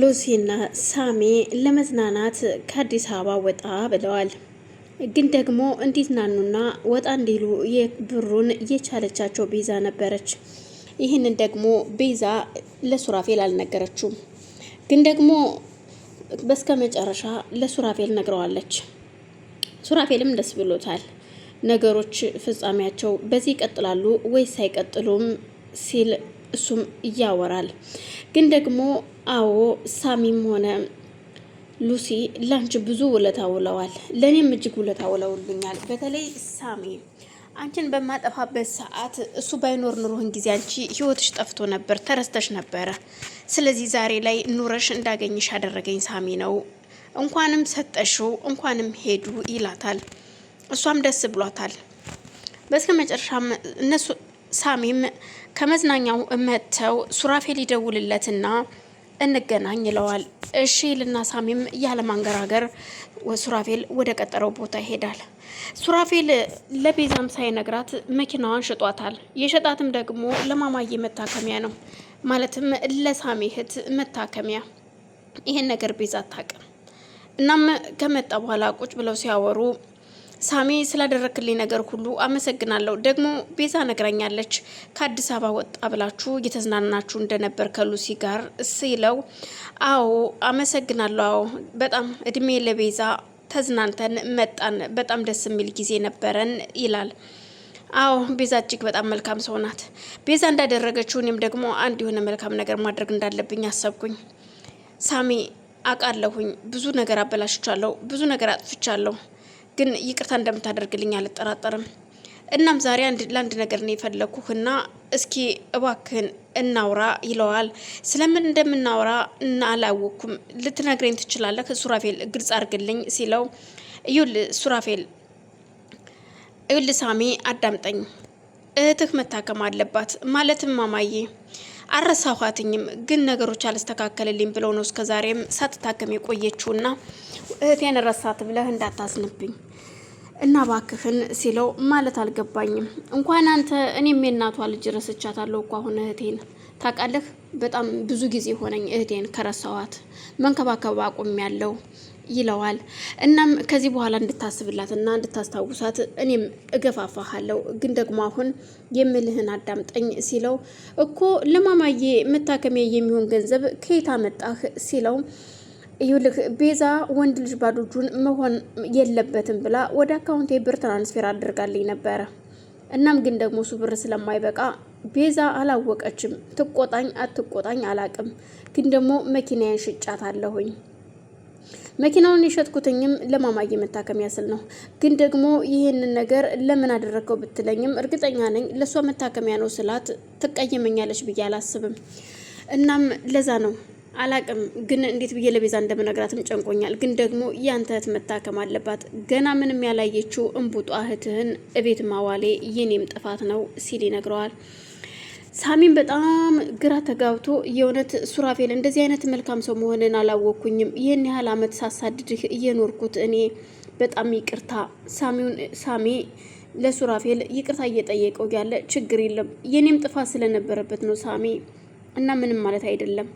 ሉሲና ሳሚ ለመዝናናት ከአዲስ አበባ ወጣ ብለዋል። ግን ደግሞ እንዲዝናኑና ወጣ እንዲሉ የብሩን የቻለቻቸው ቤዛ ነበረች። ይህንን ደግሞ ቤዛ ለሱራፌል አልነገረችውም። ግን ደግሞ በስከ መጨረሻ ለሱራፌል ነግረዋለች። ሱራፌልም ደስ ብሎታል። ነገሮች ፍጻሜያቸው በዚህ ይቀጥላሉ ወይስ አይቀጥሉም ሲል እሱም ያወራል። ግን ደግሞ አዎ ሳሚም ሆነ ሉሲ ላንቺ ብዙ ውለታ ውለዋል፣ ለእኔም እጅግ ውለታ ውለውልኛል። በተለይ ሳሚ አንቺን በማጠፋበት ሰዓት እሱ ባይኖር ኑሮህን ጊዜ አንቺ ህይወትሽ ጠፍቶ ነበር፣ ተረስተሽ ነበረ። ስለዚህ ዛሬ ላይ ኑረሽ እንዳገኝሽ ያደረገኝ ሳሚ ነው። እንኳንም ሰጠሽው፣ እንኳንም ሄዱ ይላታል። እሷም ደስ ብሏታል። በስከ መጨረሻም እነሱ ሳሚም ከመዝናኛው መጥተው ሱራፌል ይደውልለትና እንገናኝ ይለዋል። እሺ ልና ሳሚም ያለማንገራገር ሱራፌል ወደ ቀጠረው ቦታ ይሄዳል። ሱራፌል ለቤዛም ሳይነግራት መኪናዋን ሽጧታል። የሸጣትም ደግሞ ለማማዬ መታከሚያ ነው፣ ማለትም ለሳሚ እህት መታከሚያ። ይህን ነገር ቤዛ አታውቅም። እናም ከመጣ በኋላ ቁጭ ብለው ሲያወሩ ሳሚ ስላደረክልኝ ነገር ሁሉ አመሰግናለሁ። ደግሞ ቤዛ ነግራኛለች ከአዲስ አበባ ወጣ ብላችሁ እየተዝናናችሁ እንደነበር ከሉሲ ጋር ሲለው፣ አዎ አመሰግናለሁ። አዎ በጣም እድሜ ለቤዛ ተዝናንተን መጣን። በጣም ደስ የሚል ጊዜ ነበረን ይላል። አዎ ቤዛ እጅግ በጣም መልካም ሰው ናት። ቤዛ እንዳደረገችው እኔም ደግሞ አንድ የሆነ መልካም ነገር ማድረግ እንዳለብኝ አሰብኩኝ። ሳሚ አቃለሁኝ ብዙ ነገር አበላሽቻለሁ፣ ብዙ ነገር አጥፍቻለሁ ግን ይቅርታ እንደምታደርግልኝ አልጠራጠርም። እናም ዛሬ ለአንድ ነገር ነው የፈለኩህ እና እስኪ እባክህን እናውራ ይለዋል። ስለምን እንደምናውራ እና አላወቅኩም ልትነግረኝ ትችላለህ? ሱራፌል ግልጽ አድርግልኝ ሲለው እዩል ሱራፌል እዩል ሳሚ አዳምጠኝ፣ እህትህ መታከም አለባት ማለትም ማማዬ አረሳኋትኝም ግን ነገሮች አልስተካከልልኝ ብለው ነው እስከዛሬም ሳትታከም የቆየችውና እህቴን ረሳት ብለህ እንዳታዝንብኝ እና ባክህን ሲለው ማለት አልገባኝም። እንኳን አንተ እኔም የእናቷ ልጅ ረስቻታለሁ እኮ አሁን እህቴን ታውቃለህ። በጣም ብዙ ጊዜ ሆነኝ እህቴን ከረሳዋት መንከባከብ አቁም ያለው ይለዋል። እናም ከዚህ በኋላ እንድታስብላት እና እንድታስታውሳት እኔም እገፋፋሃለሁ፣ ግን ደግሞ አሁን የምልህን አዳምጠኝ ሲለው እኮ ለማማዬ መታከሚያ የሚሆን ገንዘብ ከየት አመጣህ ሲለው ይኸውልህ ቤዛ ወንድ ልጅ ባዶ እጁን መሆን የለበትም ብላ ወደ አካውንቴ ብር ትራንስፌር አድርጋልኝ ነበረ። እናም ግን ደግሞ እሱ ብር ስለማይበቃ ቤዛ አላወቀችም። ትቆጣኝ አትቆጣኝ አላቅም፣ ግን ደግሞ መኪናዬን አለሁኝ መኪናውን የሸጥኩትኝም ለማማዬ መታከሚያ ስል ነው። ግን ደግሞ ይህንን ነገር ለምን አደረግከው ብትለኝም እርግጠኛ ነኝ ለእሷ መታከሚያ ነው ስላት ትቀየመኛለች ብዬ አላስብም። እናም ለዛ ነው አላቅም ግን እንዴት ብዬ ለቤዛ እንደምነግራትም ጨንቆኛል። ግን ደግሞ ያንተ እህት መታከም አለባት። ገና ምንም ያላየችው እንቡጧ እህትህን እቤት ማዋሌ የኔም ጥፋት ነው ሲል ይነግረዋል። ሳሚም በጣም ግራ ተጋብቶ የእውነት ሱራፌል፣ እንደዚህ አይነት መልካም ሰው መሆንን አላወቅኩኝም። ይህን ያህል አመት ሳሳድድህ እየኖርኩት እኔ በጣም ይቅርታ። ሳሚውን ሳሚ ለሱራፌል ይቅርታ እየጠየቀው ያለ ችግር የለም የኔም ጥፋት ስለነበረበት ነው ሳሚ እና ምንም ማለት አይደለም።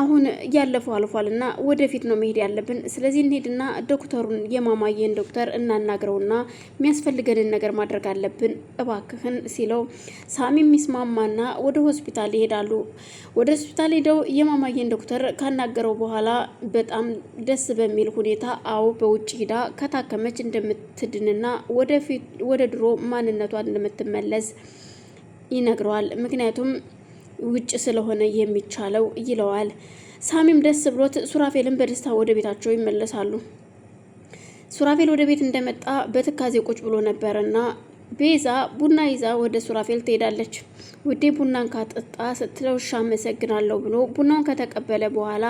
አሁን ያለፈው አልፏል እና ወደፊት ነው መሄድ ያለብን። ስለዚህ እንሄድና ዶክተሩን የማማየን ዶክተር እናናግረውና የሚያስፈልገንን ነገር ማድረግ አለብን እባክህን ሲለው ሳሚም ይስማማና ወደ ሆስፒታል ይሄዳሉ። ወደ ሆስፒታል ሄደው የማማየን ዶክተር ካናገረው በኋላ በጣም ደስ በሚል ሁኔታ አዎ በውጭ ሂዳ ከታከመች እንደምትድንና ወደፊት ወደ ድሮ ማንነቷን እንደምትመለስ ይነግረዋል። ምክንያቱም ውጭ ስለሆነ የሚቻለው ይለዋል። ሳሚም ደስ ብሎት ሱራፌልን በደስታ ወደ ቤታቸው ይመለሳሉ። ሱራፌል ወደ ቤት እንደመጣ በትካዜ ቁጭ ብሎ ነበርና ቤዛ ቡና ይዛ ወደ ሱራፌል ትሄዳለች። ውዴ ቡናን ካጠጣ ስትለው እሺ አመሰግናለሁ ብሎ ቡናውን ከተቀበለ በኋላ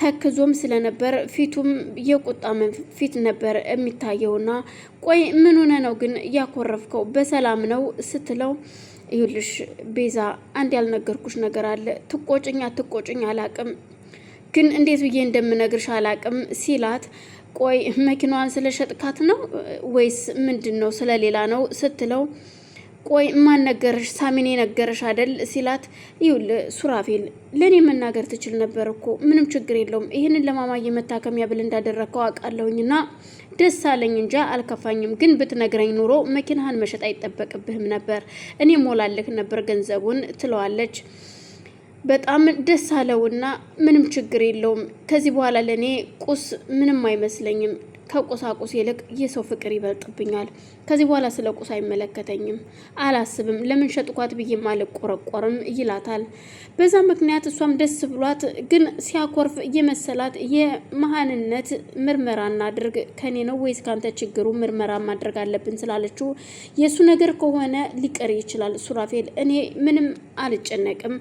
ተክዞም ስለነበር ፊቱም የቁጣ ፊት ነበር የሚታየውና ቆይ ምን ሆነ ነው ግን ያኮረፍከው? በሰላም ነው ስትለው ይኸውልሽ ቤዛ አንድ ያልነገርኩሽ ነገር አለ። ትቆጭኝ አትቆጭኝ አላቅም፣ ግን እንዴት ብዬ እንደምነግርሽ አላቅም ሲላት ቆይ መኪናዋን ስለሸጥካት ነው ወይስ ምንድን ነው ስለሌላ ነው ስትለው ቆይ ማን ነገረሽ? ሳሚኔ ነገረሽ አደል ሲላት ይውል ሱራፌል ለእኔ መናገር ትችል ነበር እኮ ምንም ችግር የለውም። ይህንን ለማማዬ መታከሚያ ብል እንዳደረግከው አውቃለሁኝና ደስ አለኝ እንጃ አልከፋኝም። ግን ብትነግረኝ ኑሮ መኪናህን መሸጥ አይጠበቅብህም ነበር፣ እኔ ሞላልህ ነበር ገንዘቡን ትለዋለች። በጣም ደስ አለውና ምንም ችግር የለውም ከዚህ በኋላ ለእኔ ቁስ ምንም አይመስለኝም ከቁሳቁስ ይልቅ የሰው ፍቅር ይበልጥብኛል። ከዚህ በኋላ ስለ ቁስ አይመለከተኝም፣ አላስብም፣ ለምን ሸጥኳት ብዬም አልቆረቆርም ይላታል። በዛ ምክንያት እሷም ደስ ብሏት ግን ሲያኮርፍ የመሰላት የመሀንነት ምርመራ እናድርግ ከኔ ነው ወይስ ካንተ ችግሩ ምርመራ ማድረግ አለብን ስላለችው የእሱ ነገር ከሆነ ሊቀር ይችላል ሱራፌል፣ እኔ ምንም አልጨነቅም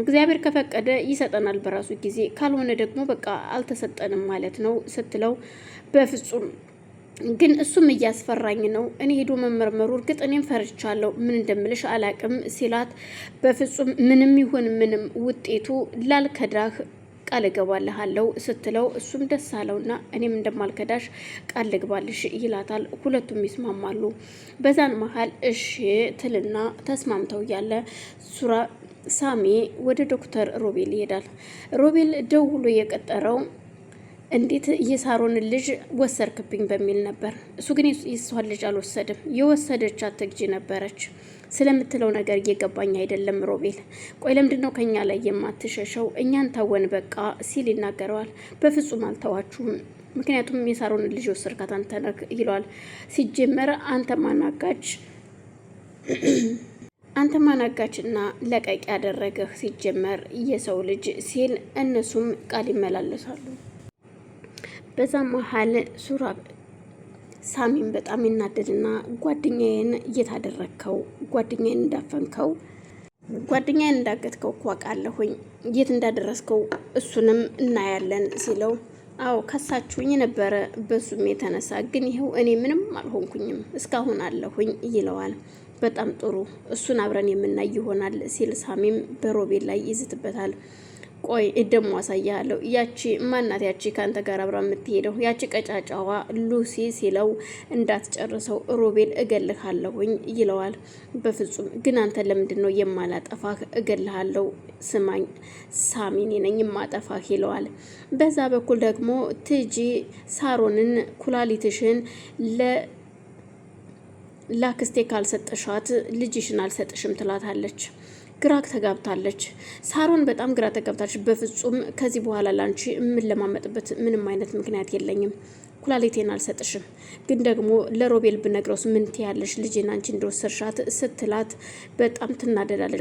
እግዚአብሔር ከፈቀደ ይሰጠናል በራሱ ጊዜ፣ ካልሆነ ደግሞ በቃ አልተሰጠንም ማለት ነው ስትለው በፍጹም ግን እሱም እያስፈራኝ ነው። እኔ ሄዶ መመርመሩ እርግጥ እኔም ፈርቻለሁ፣ ምን እንደምልሽ አላቅም ሲላት፣ በፍጹም ምንም ይሁን ምንም ውጤቱ ላልከዳህ ቃል እገባልሃለሁ ስትለው፣ እሱም ደስ አለውና እኔም እንደማልከዳሽ ቃል ልግባልሽ ይላታል። ሁለቱም ይስማማሉ። በዛን መሀል እሺ ትልና ተስማምተው እያለ ሱራ ሳሚ ወደ ዶክተር ሮቤል ይሄዳል። ሮቤል ደውሎ የቀጠረው እንዴት የሳሮንን ልጅ ወሰድክብኝ በሚል ነበር። እሱ ግን የሷን ልጅ አልወሰድም፣ የወሰደች አትግጂ ነበረች ስለምትለው ነገር እየገባኝ አይደለም ሮቤል። ቆይ ለምንድን ነው ከኛ ላይ የማትሸሸው? እኛን ታወን በቃ ሲል ይናገረዋል። በፍጹም አልተዋችሁም፣ ምክንያቱም የሳሮን ልጅ ወሰድካት አንተ ነህ ይለዋል። ሲጀመር አንተ ማናጋጅ አንተ ማናጋችና ለቀቅ ያደረገህ ሲጀመር የሰው ልጅ ሲል እነሱም ቃል ይመላለሳሉ። በዛ መሀል ሱራብ ሳሚን በጣም ይናደድና ጓደኛዬን እየታደረግከው ጓደኛዬን እንዳፈንከው ጓደኛዬን እንዳገትከው እኮ አውቃለሁኝ የት እንዳደረስከው እሱንም እናያለን ሲለው አዎ ከሳችሁኝ ነበረ በሱም የተነሳ ግን ይኸው እኔ ምንም አልሆንኩኝም እስካሁን አለሁኝ ይለዋል። በጣም ጥሩ እሱን አብረን የምናይ ይሆናል ሲል ሳሚም በሮቤል ላይ ይዝትበታል። ቆይ ደግሞ አሳያለሁ። ያቺ ማናት? ያቺ ከአንተ ጋር አብራ የምትሄደው ያቺ ቀጫጫዋ ሉሲ ሲለው እንዳትጨርሰው ሮቤል እገልሃለሁኝ ይለዋል። በፍጹም ግን አንተ ለምንድን ነው የማላጠፋህ? እገልሃለሁ ስማኝ፣ ሳሚን ነኝ የማጠፋህ ይለዋል። በዛ በኩል ደግሞ ትጂ ሳሮንን ኩላሊትሽን ለ ላክስቴ ካልሰጠሻት ልጅሽን አልሰጥሽም ትላታለች። ግራ ተጋብታለች። ሳሮን በጣም ግራ ተጋብታለች። በፍጹም ከዚህ በኋላ ላንቺ የምንለማመጥበት ምንም አይነት ምክንያት የለኝም። ኩላሊቴን አልሰጥሽም፣ ግን ደግሞ ለሮቤል ብነግረውስ ምን ትያለሽ? ልጄን አንቺ እንደወሰድሻት ስትላት በጣም ትናደዳለች።